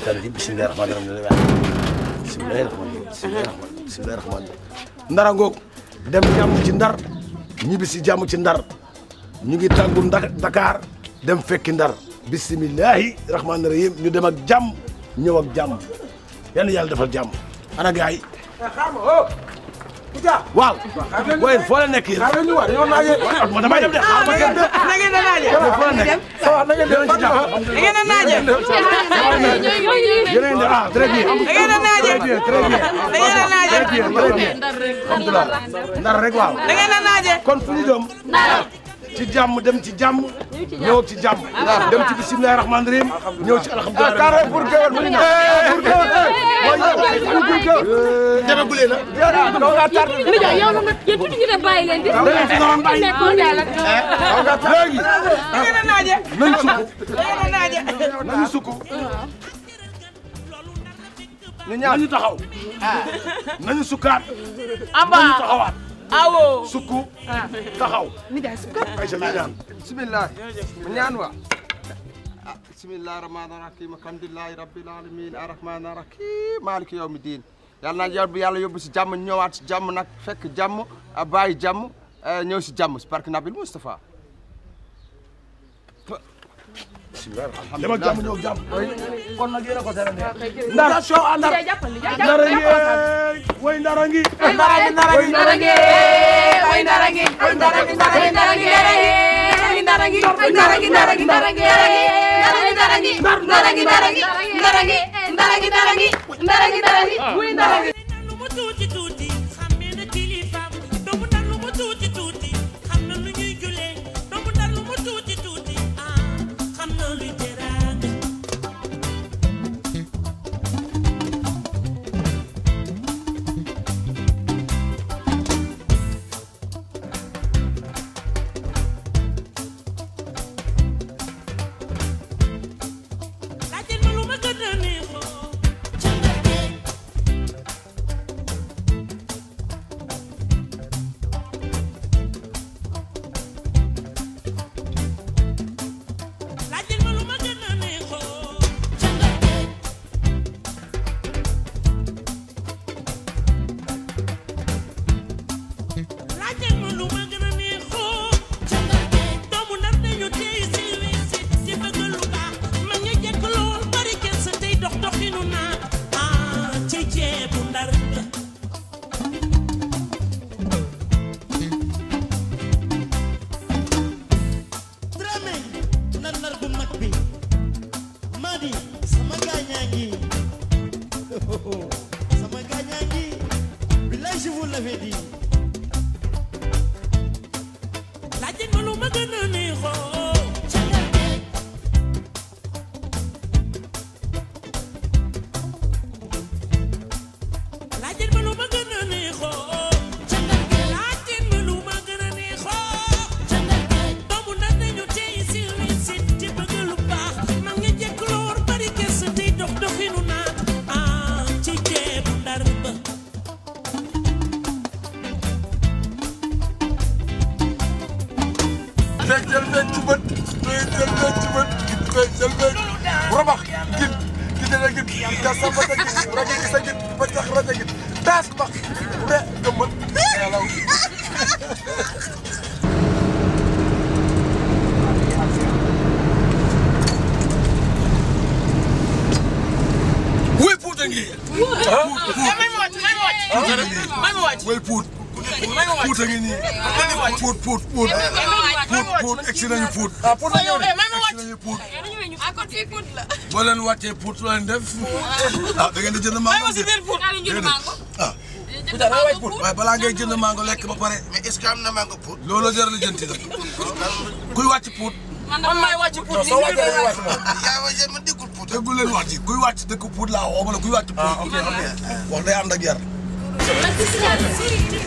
seytaan rajim bisimilah rahmaani rahiim la ndara ngoog dem jàmm ci ndar ñibbi si jàmm ci ndar ñu ngi tàggu Dakar dem fekki ndar bisimilahi rahmaani rahiim ñu dem ak jàmm ñëw ak jàmm yal na yàlla defal jàmm ana gaay waaw. booy foo la nekk yéen. damay a de xaaral ma dem de. Ah, na ngeen a naaje. foo la nekk. a naaje. yéen a ngi ah très bien. na a naaje. très bien très bien. très bien. Ndar rek waaw. na ngeen a naaje. kon fu ñu ci jàmm dem ci jàmm ñëw ci jàmm dem ci bismillahi rahmaani rahim ñëw ci alhamdulilah carré pour gewel bu ñu na bu leena do nga tar yow la nga yéen tuuti ñu def bàyyi leen di léegi nañ sukk nañ sukk ñu ñaan nañu taxaw nañu sukkaat nañu taxawaat awo sukku taxaw ni jaay sukku ay jami ñaan bismillah ñaan wa ah, bismillah rahmaani rahiim alhamdulillahi rabbil alamin arrahmaani ah, arrahim maliki yawmi diin yàlla naa yóbbu yàlla yóbbu si jàmm ñëwaat si jàmm nag fekk jàmm ah, bàyyi jàmm eh, ñëw si jàmm si barke nabil Moustapha dama jàmm ñëw jàmm kon nag yéen a ko seen ndara show andar ndara ngi way ndara ngi way ndara ngi way ndara ngi way ndara ngi way ndara ngi way ndara ngi way ndara ngi ndara ngi ndara ngi ndara ngi ndara ngi ndara ngi ndara ngi ndara ngi ndara ngi ndara ngi ndara ngi ndara ngi l'avais dit. way puut puut a ngi nii puut puut puut puut puut egsi nañu puut puut la ñëw de egsi puut boo leen wàccee puut la leen da ngeen di jënd mango de ah waaye balaa ngay jënd mango lekk ba pare mais est am na mango puut loolu jar la jënti kuy wàcc puut man maay wàcc puut soo wàccee da ngay wàcc moom man déggul puut déggul leen wàcc kuy wàcc dëkk puut laa wax ma la kuy wàcc puut wax day ànd ak salaamaaleykum na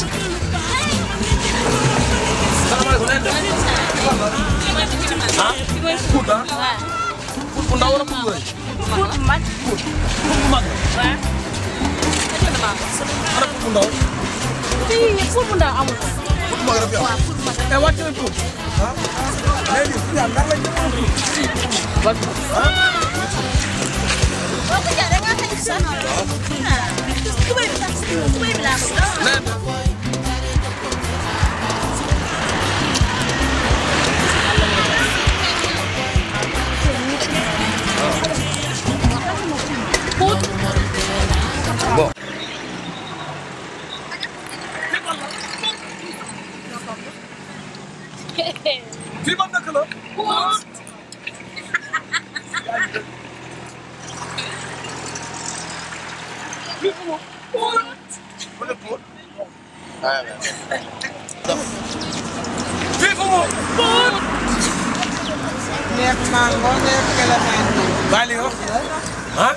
ngeen def. ah Pout ah. Pout bu ndaw wala Pout bu rëy. Pout bu mag. Pout bu mag. waaw. ana Pout bu ndaw. fii Pout bu ndaw amul. Pout bu mag rek yow. waaw Pout bu mag rek. mais wàcc nañ Pout. ah léegi Pout yàlla ndax lañ. wàcc ah. Kuya, nga kayo sa ano. Kumain mo lang. Kumain mo lang. Bo. Kim anne kılıp? Kurt. neex mango neex kalamansi. baal li nga wax ah.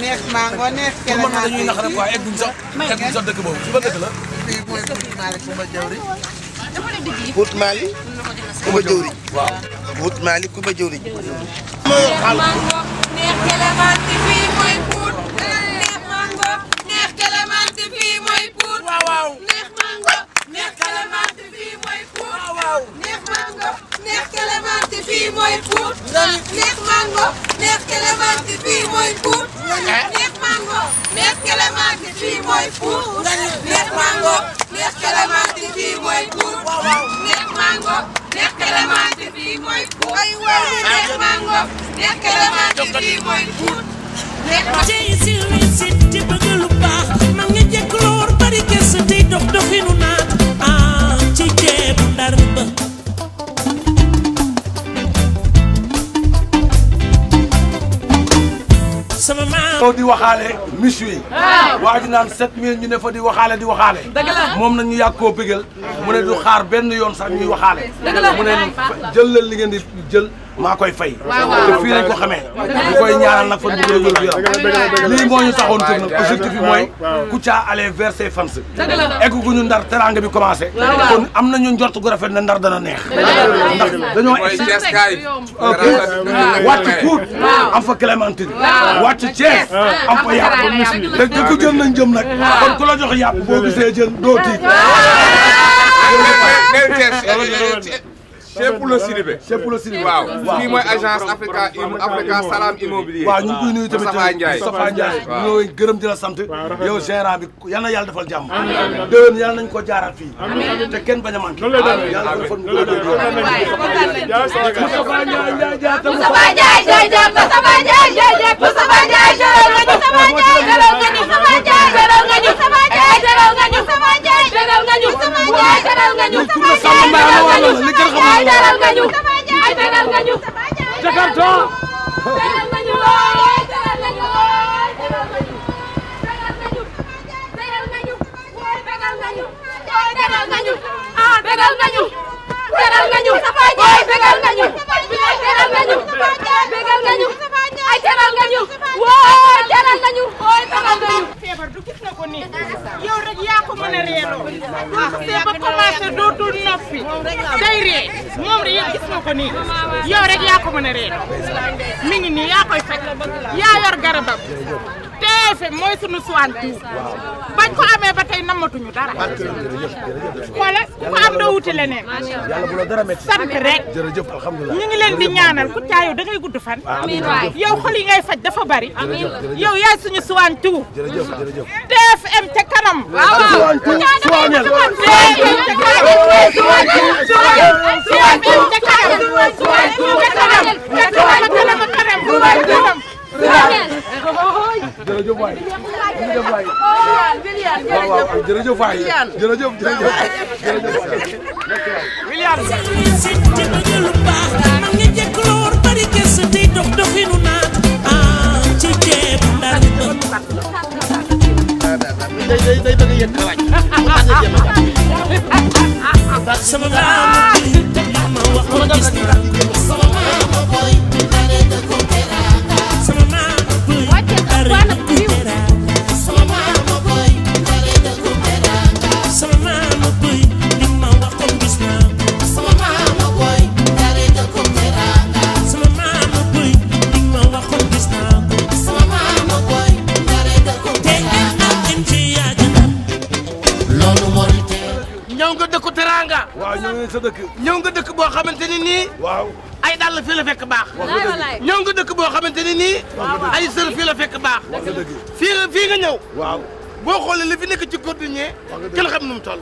neex mango neex kalamansi pour dañuy naxal quoi egguñ sax. egguñ sax dëkk boobu su ma dëkk la. fii mooy Pout Mali Kumba Jawri. Pout Mali Kumba Jawri. waaw Pout Mali Kumba Jawri. mooy xaal. neex kalamansi fii mooy Pout. neex mango neex kalamansi fii mooy Pout. waaw waaw neex mango neex kalamansi fii mooy Pout. waaw waaw neex mango neex kalamansi. fii mooy Pout. neex mango neex clémentine fii mooy Pout. neex mango neex clémentine fii mooy Pout. neex mango neex clémentine fii mooy Pout. neex mango neex clémentine fii mooy Pout. neex mango neex clémentine fii mooy Pout. taxaw di waxaale miss yi ah. waa ji naan sept mille ñu ne fa di waxaale di waxaale moom nag ñu yàgg koo bégal mu ne du xaar benn yoon sax ñuy waxaale mu ne jël leen li ngeen di jël maa koy fay te fii lañ ko xamee ñu koy ñaanal nag fan bu dee wér gu yaram lii moo ñu taxoon tur nag objectif bi mooy Kouthia aller vers ses fans egguñu ndar teranga bi commencé kon am nañu njort gu rafet ne ndar dana neex ndax dañoo wàcc Pout am fa Clémentine wàcc Thiès am fa yàpp te dëgg jën nañ jëm kon ku la jox yàpp boo gisee jën Cheikh Poulo Sidibé Cheikh Poulo Sidibé waaw kii mooy agence Africa Africa Salam Immobilier waaw ñu ngi koy nuyu tamit Moustapha Ndiaye Moustapha Ndiaye ñoo gërëm di la sant yow gérant bi yal na yàlla defal jàmm déwén yal nañ ko jaaraat fii te kenn bañ a manqué yàlla defal ñu ko Moustapha Ndiaye jaata Moustapha Ndiaye jaata Moustapha Ndiaye jaata Moustapha Ndiaye jaata Moustapha Ndiaye jaata Moustapha Ndiaye jaata Moustapha Ndiaye jaata teral nga ñu sama njaay teral nga ñu sama njaay teral nga ñu sama njaay teral nga ñu sama njaay teral nga ñu jakarta teral nga ñu looy teral nga ñu looy teral nga ñu teral nga ñu teral nga ñu looy teral nga ñu looy teral nga ñu ah teral nga ñu teral nga ñu sama njaay teral nga ñu teral nga ñu teral nga ñu ay teral nga ñu woo teral nga ñu feebar du gis na ko nii yow rek yaa ko mën a reeloo boo xasee ba commencé dootul noppi day ree moom rek yow gis na ko nii yow rek yaa ko mën a reeloo mi ngi yaa koy faj yaa yor garabam TFM mooy sunu Souane bañ ko amee ba tey namatuñu dara. xoolal ku ko am doo wuti leneen. sant rek. ñu ngi leen di ñaanal ku caayu da ngay gudd fan. yow xol yi ngay faj dafa bari. yow yaay suñu Souane Tour. TFM ca kanam. waaw ku caa demee Souane Tour. TFM ca kanam. jërëjëf waay jërëjëf waay waaw waaw jërëjëf waay jërëjëf jërëjëf sama sa dëkk ñëw nga dëkk boo xamante ni waaw ay dàll fii la fekk baax ñëw nga dëkk boo xamante ni nii ay sër fii fekk baax fii fii nga ñëw waaw boo xoolee li fi nekk ci cordonnier kenn xam nu mu toll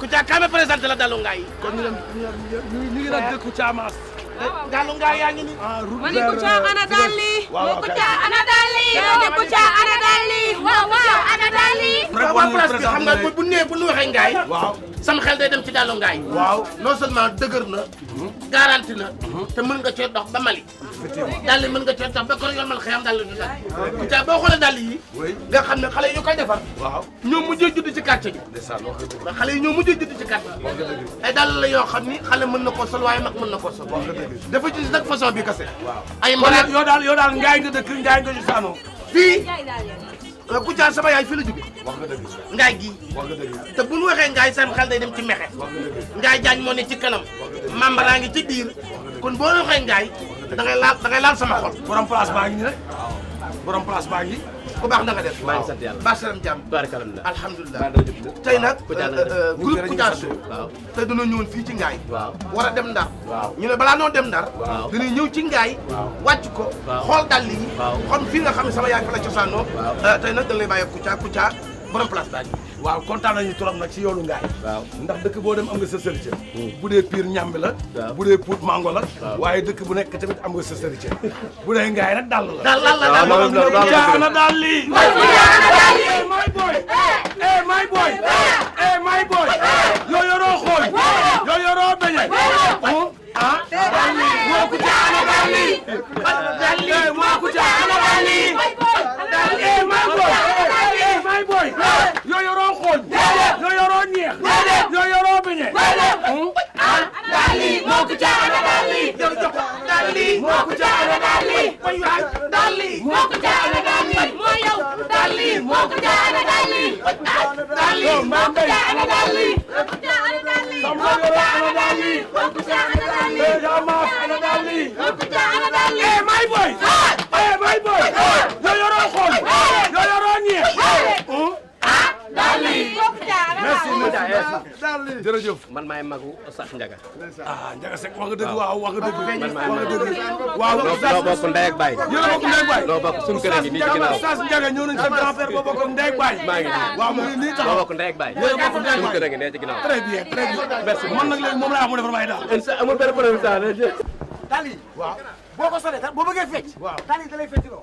ku caa kaame présenté la dalu ngaay kon ñu ngi daan dëkku caamaas Gallou Ngaye yaa ngi nii. ah route ma euh, ne Kouthia ana daal lii. waaw waaw Kouthia ana daal lii. ma ne Kouthia ana daal lii. waaw waaw ana daal lii. waa place bi xam nga bu nee bu nu waxee Ngaye. waaw sama xel day dem ci Gallou Ngaye. waaw non seulement dëgër na. Mhm. garanti na. te mën nga cee dox ba Mali. dàll yi mën nga cee tax ba kon yombal xëyam dàll du dal Kouthia boo xoolee dàll yi nga xam ne xale yi ñoo mujjee judd ci quartier bi ndax xale yi ñoo mujjee judd ci quartier ay dàll yoo xam ni xale mën na koo waaye mag mën na koo sol dafa ci nag façon bi kase ay mbalaat yoo daal ngaay nga dëkk ngaay nga ñu saanoo fii Kouthia sama yaay fii la jóge ngaay gii te bu ñu ngaay sam xel day dem ci mexe ngaay jaañ moo ne ci kanam membre ci biir kon boo waxee ngaay te da ngay laal laal sama xol. borom place baa ngi nii rek. borom place baa ngi. bu baax na nga def. maa ngi sant yàlla baax salaam jàmm. baarakallaah alhamdulilah. tey nag. Euh, euh, groupe Kouthia Show. waaw te dañoo ñëwoon fii ci Ngaye. waaw war a dem Ndar. waaw ñu ne balaa noo dem Ndar. waaw dañuy ñëw ci Ngaye. waaw ko. xool dàll yi. waaw fii nga xam ne sama yaay fa la cosaanoo. Euh, tey nag dañ lay bàyyi Kouthia Kouthia borom place baa waaw kontaan nañu trop nag ci yoonu ngaay ndax dëkk boo dem am nga sa sërite hmm. bu dee piir ñàmbi la bu dee puut mango la waaye dëkk bu nekk tamit am nga sa sërite bu dee ngaay nag dàll la jaana dàll lii eh, boy eh boy eh may boy yoo yoroo xooy yoo beñe oh, ah jaana dàll moo ko jaara daal lii mooy waay daal lii moo ko jaara daal lii mooy yow daal lii moo ko jaara daal lii daal lii moo ko jaara daal lii moo ko jaara daal lii moo ko jaara daal lii moo ko jaara daal lii moo ko jaara daal lii moo ko jaara daal lii jërëjëf man maay magu sax Njaga ah Njaga Seck wax nga dëgg waaw wax nga dëgg wax nga dëgg waaw loo bokk ndey ak baay yéen a bokk ndey ak baay loo bokk suñu kër gi nii ci ginnaaw sax Njaga ñëw nañ sa grand père boo bokk ndey ak baay maa ngi nii waaw mu ngi nii taxaw bokk ndey ak baay yéen a bokk ndey ak baay suñu kër gi nee ci ginnaaw très bien très bien merci man nag léegi moom laa wax mu defar maay daal insa amul benn problème sa daal yi waaw boo ko solee boo bëggee fecc daal yi da lay fecc loo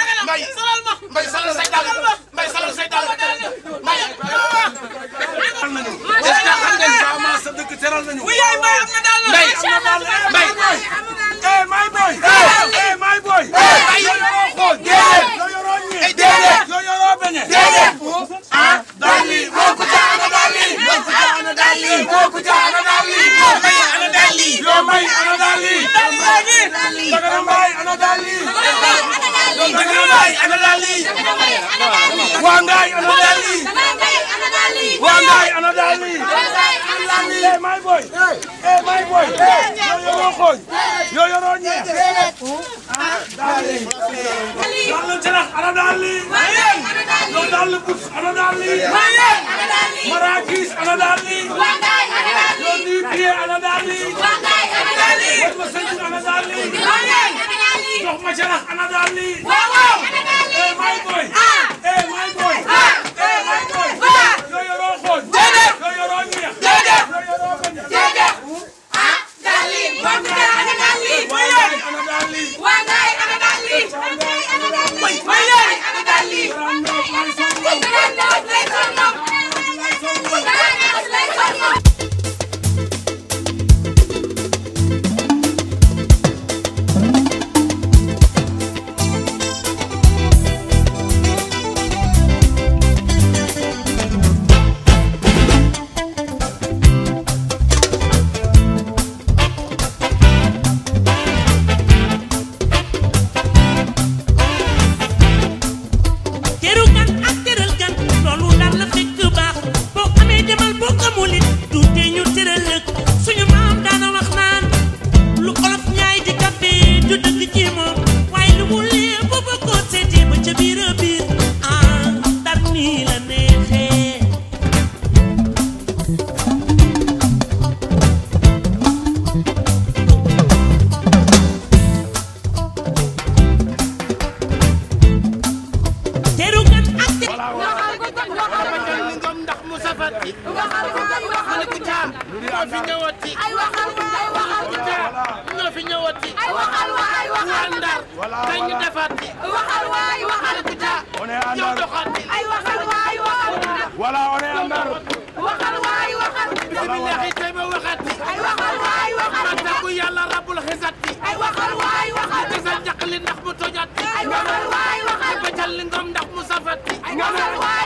mbay mbay salal say daal mbay salal say daal mbay. est-ce que xam ngeen sama sa dëkk teral nañu.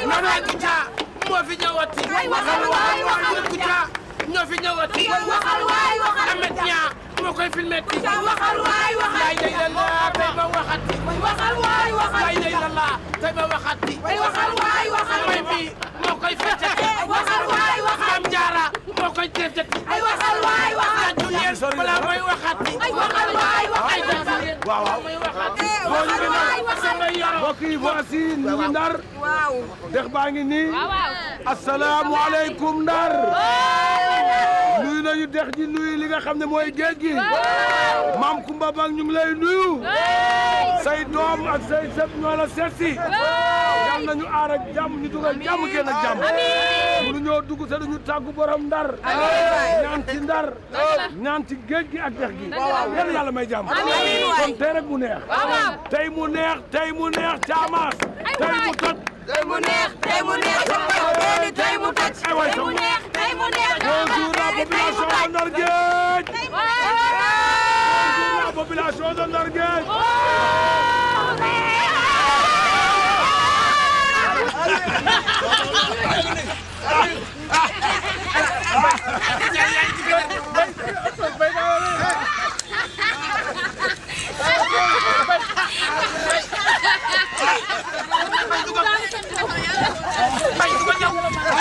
Nana Kouthia moo fi ñëwati waxal waay waxal Kouthia ñoo fi ñëwati waxal waay waxal Amet Ñaa moo koy filmeti waxal waay waxal lay lay la tey ma waxati waxal waay waxal lay lay la tey ma waxati waxal waay waxal may bi moo koy feccati waxal waay waxal am jaara moo koy teetati ay waxal waay waxal julier balaa may waxati waxal waay waxal ay jaara waaw waaw may waxati eh, mbokk yi voici ñu ngi ndar dex baa ngi nii asalaamualeykum ndar nuyu nañu dex ji nuyu li nga xam ne mooy géej gi maam Kumba Bang ñum ngi lay nuyu say doom ak say sët ñoo la seet si yal nañu aar ak jàmm ñu dugal jàmm génn ak jàmm mënu ñoo dugg te duñu tàggu borom ndar ñaan ci ndar ñaan géej gi ak dex gi yal yàlla may jàmm kon tey mu neex tey mu neex tey tey mu neex Thiamas tey mu toj tey mu neex tey mu neex tey mu toj tey mu neex tey mu neex bonjour la population de Ndar Géej bonjour la population de Ndar Géej Ah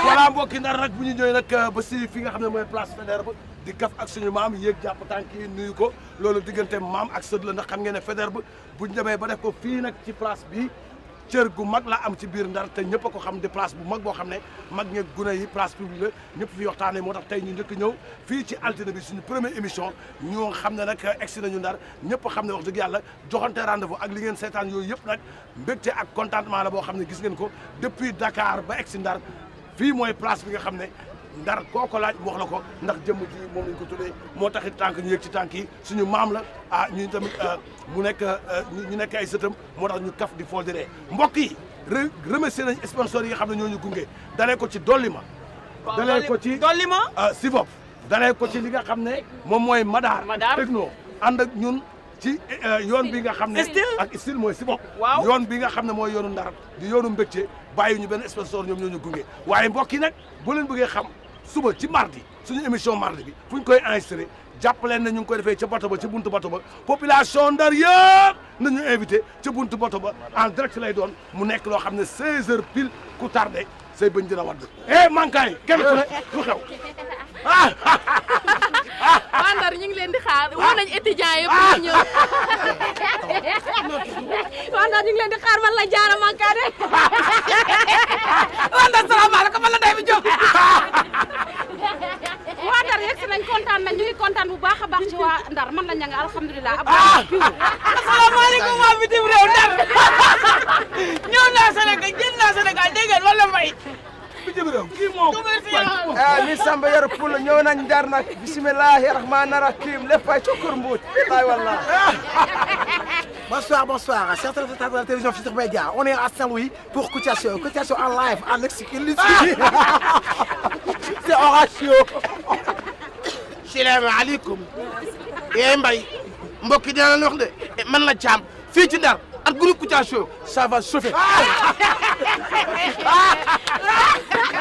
voilà mbokki ndar nag bu ñu ñëwee nag euh, ba si fi nga xam ne mooy place Faidherbe di kaf ak suñu maam yéeg jàpp tànk yi nuyu ko loolu diggante maam ak sët la ndax xam ngeen ne Faidherbe bu ñu demee ba def ko fii nag ci place bii cër gu mag la am ci biir ndar te ñëpp a ko xam di place bu mag boo xam ne mag ñeeg gune yi place publique la ñëpp fi waxtaanee moo tax tey ñu njëkk ñëw fii ci altine bi suñu première émission ñoo xam ne nag egsi nañu ndar ñëpp xam ne wax dëgg yàlla joxante rendez-vous ak li ngeen seetaan yooyu yëpp nag mbégte ak contentement la boo xam ne gis ngeen ko depuis dakaar ba egsi ndar fii mooy place bi nga xam ne ndar koo ko laaj wax la ko ndax jëmm ji moom lañ ko tuddee moo taxit tànk ñu yëg ci tànk yi suñu maam la ah ñu tamit euh, mu nekk euh, ñu nekk ay sëtam moo tax ñu kaf di fool di ree mbokk yi remercier nañ sponsors yi nga xam ne ñoo ñu gunge dalee ko ci dolli ma dalee ko ci dolli ma euh, sivop dalee ko ci li nga xam ne moom mooy madaar noo ànd ak ñun ci yoon bi nga xam ne ak style mooy sivop yoon bi nga xam ne mooy yoonu ndar di yoonu mbégte bàyyi ñu benn sponsor ñoom ñoo ñu gunge waaye mbokk yi nag boo leen bëggee xam suba ci mardi suñu émission mardi bi fu ñu koy enregistré jàppaleen na ñu koy defee ca bato ba ca buntu bato ba population ndar na nañu invité ca buntu boto ba en direct lay doon mu nekk loo xam ne 16 heures pile ku tardé say bañ dina wadd eh mankaay kenn ku ne waa Ndar ñu leen di xaar woo nañ étudiants yëpp ñu ñëw waa Ndar ñu leen di xaar man la jaara mankaane waa Ndar salaamaaleykum man la Ndeye bi Diop waa Ndar yegg nañ kontaan nañ ñu kontaan bu baax a baax ci waa Ndar man la ña nga alhamdulilah Abdoulaye Piw ah! asalaamaaleykum waa bitim réew Ndar ñëw naa Sénégal jël naa Sénégal dégg ngeen wala may e min eh, samba yero pullo ñownan darnak bisimillahi rahmani rahim leppay cokkor mbuut ay wallah Bonsoir, bonsoir. Chers téléspectateurs de la télévision Futur Média, on est à Saint-Louis pour Koutia Show. Koutia Show en live, en exclusivité. C'est Horatio. Salam alaikum. Eh Mbaye, mbokk yi dina la wax de eh, man la jàmm fii ci Ndar ak groupe Koutia Show, ça va chauffer.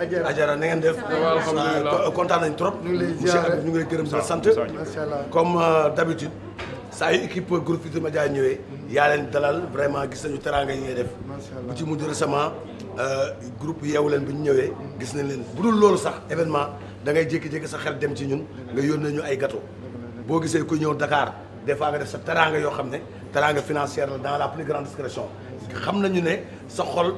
Ajara Ajara na ngeen def. alhamdulilah kontaan nañ trop. ñu ngi lay ñu ngi gërëm di la sant. macha allah comme euh, d'habitude saa yu équipe groupe Futurs Médias ñëwee. yaa leen dalal vraiment gis nañu teraanga yi ngay def. bu ci mujj récemment euh, groupe yeewu leen bu ñu ñëwee. gis nañ leen bu dul loolu sax événement da ngay jékki-jékki sa xel dem ci ñun nga yónnee ñu ay gato boo gisee ku ñëw dakaar des fois nga def sa teraanga yoo xam ne teraanga financière la dans la plus grande discrétion. xam nañu ne sa xol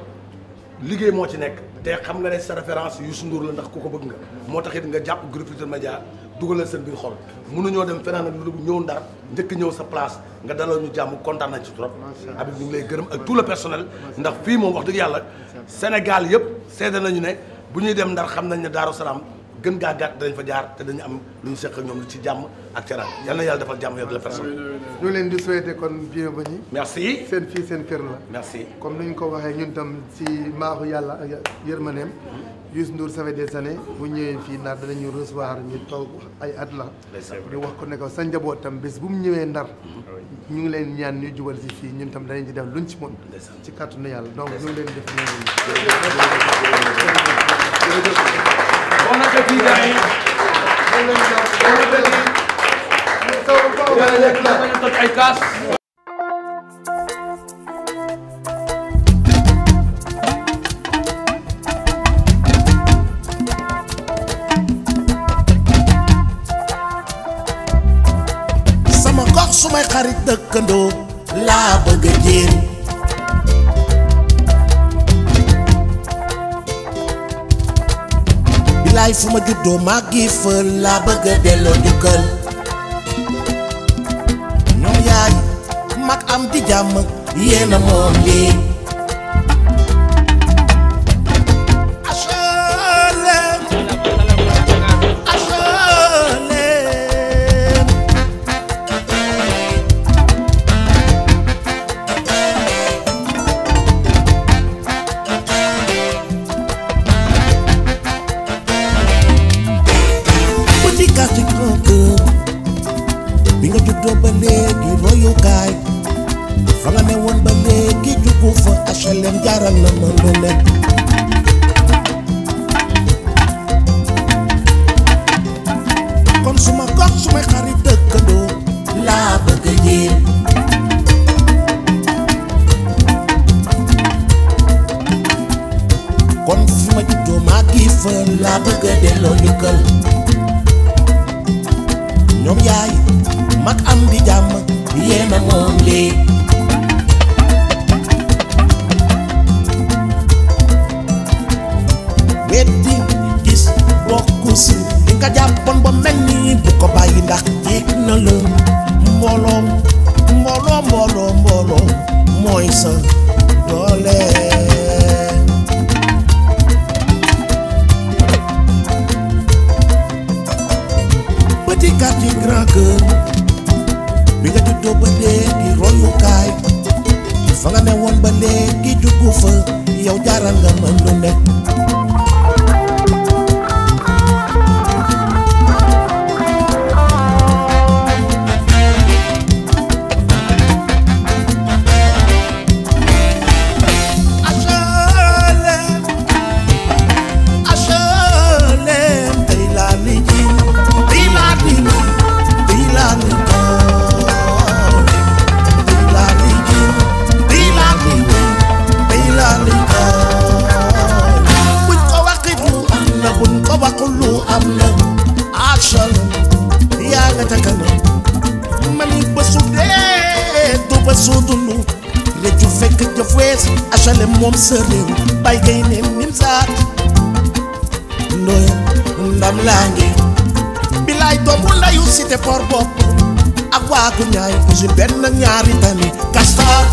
liggéey moo ci nekk. te xam nga ne sa référence Youssou Ndour la ndax ku ko bëgg nga moo tax it nga jàpp Groupe Futurs Médias dugalal seen biir xol ñoo dem fenaan ak lu ñëw ndar njëkk ñëw sa place nga daloo ñu jàmm kontaan nañ ci trop Habib ñu ngi lay gërëm ak tout le personnel ndax fii moom wax dëgg yàlla Sénégal yëpp seede nañu ne bu ñuy dem ndar xam nañ ne Daaru Salaam gën gaa gàtt dañ fa jaar te dañu am lu ñu seq ak ñoom ci jàmm ak teraan yal na yàlla defal jàmm yow de la personne. ñu leen di souhaiter kon bienvenue. merci seen fii seen kër la. merci comme ni ñu ko waxee ñun tam si maaxu yàlla ak yërmaneem. Mm-hmm. Youssou Ndour ça fait des années bu ñëwee fii Ndar danañu recevoir ñu toog ay at la. ñu wax ko ne ko sa njaboot tam bés bu mu ñëwee Ndar. Mm-hmm. ñu ngi leen ñaan ñu jubal si fii ñun tam danañ ci def luñ ci mën. ci kàttanu yàlla donc ñu ngi leen def naka kii gars yi. jërëjëf la ñu toj ay kaas. may xarit dëkkandoo bilaay fu ma juddoo màggi fël laa bëgg a delloo njukkal ñoom yaay mag am di jàmm yéena moom lii màggal Sakku Njaay bisu benn ak ñaari tali Kastar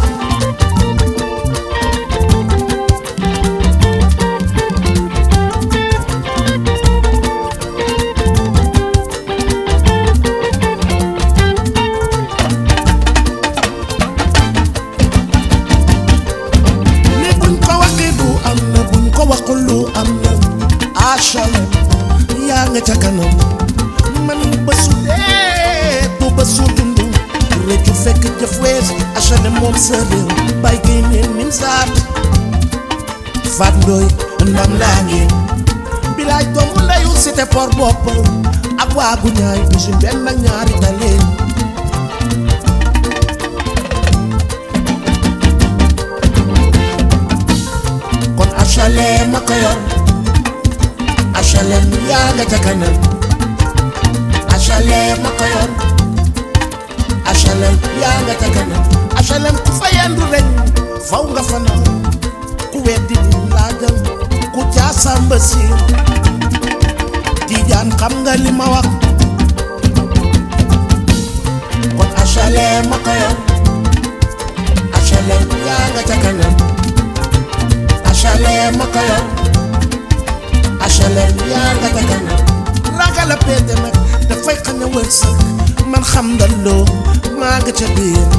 am na buñ ko waxul am na achalem yaa nga ca kanam sa réew bay géy neen nim saat fat ndooy ndam laa ngi bilaay doomu ndeyu cité port bopp ak waa gu ñaay usine benn ak ñaari daleen kon HLM ma ko yor HLM yaa nga ca kanam HLM ma ko yor HLM yaa nga ca kanam xelem ku fa yendu rek faw nga fa ku weddi di laajal ku caasamba siin tiijaan xam nga li ma wax kon HLM ma ko yor HLM yaa ca kanam yaa nga ca ragal a péete nag dafay xañ a wërsëg man xam ndalloo maa nga ca biir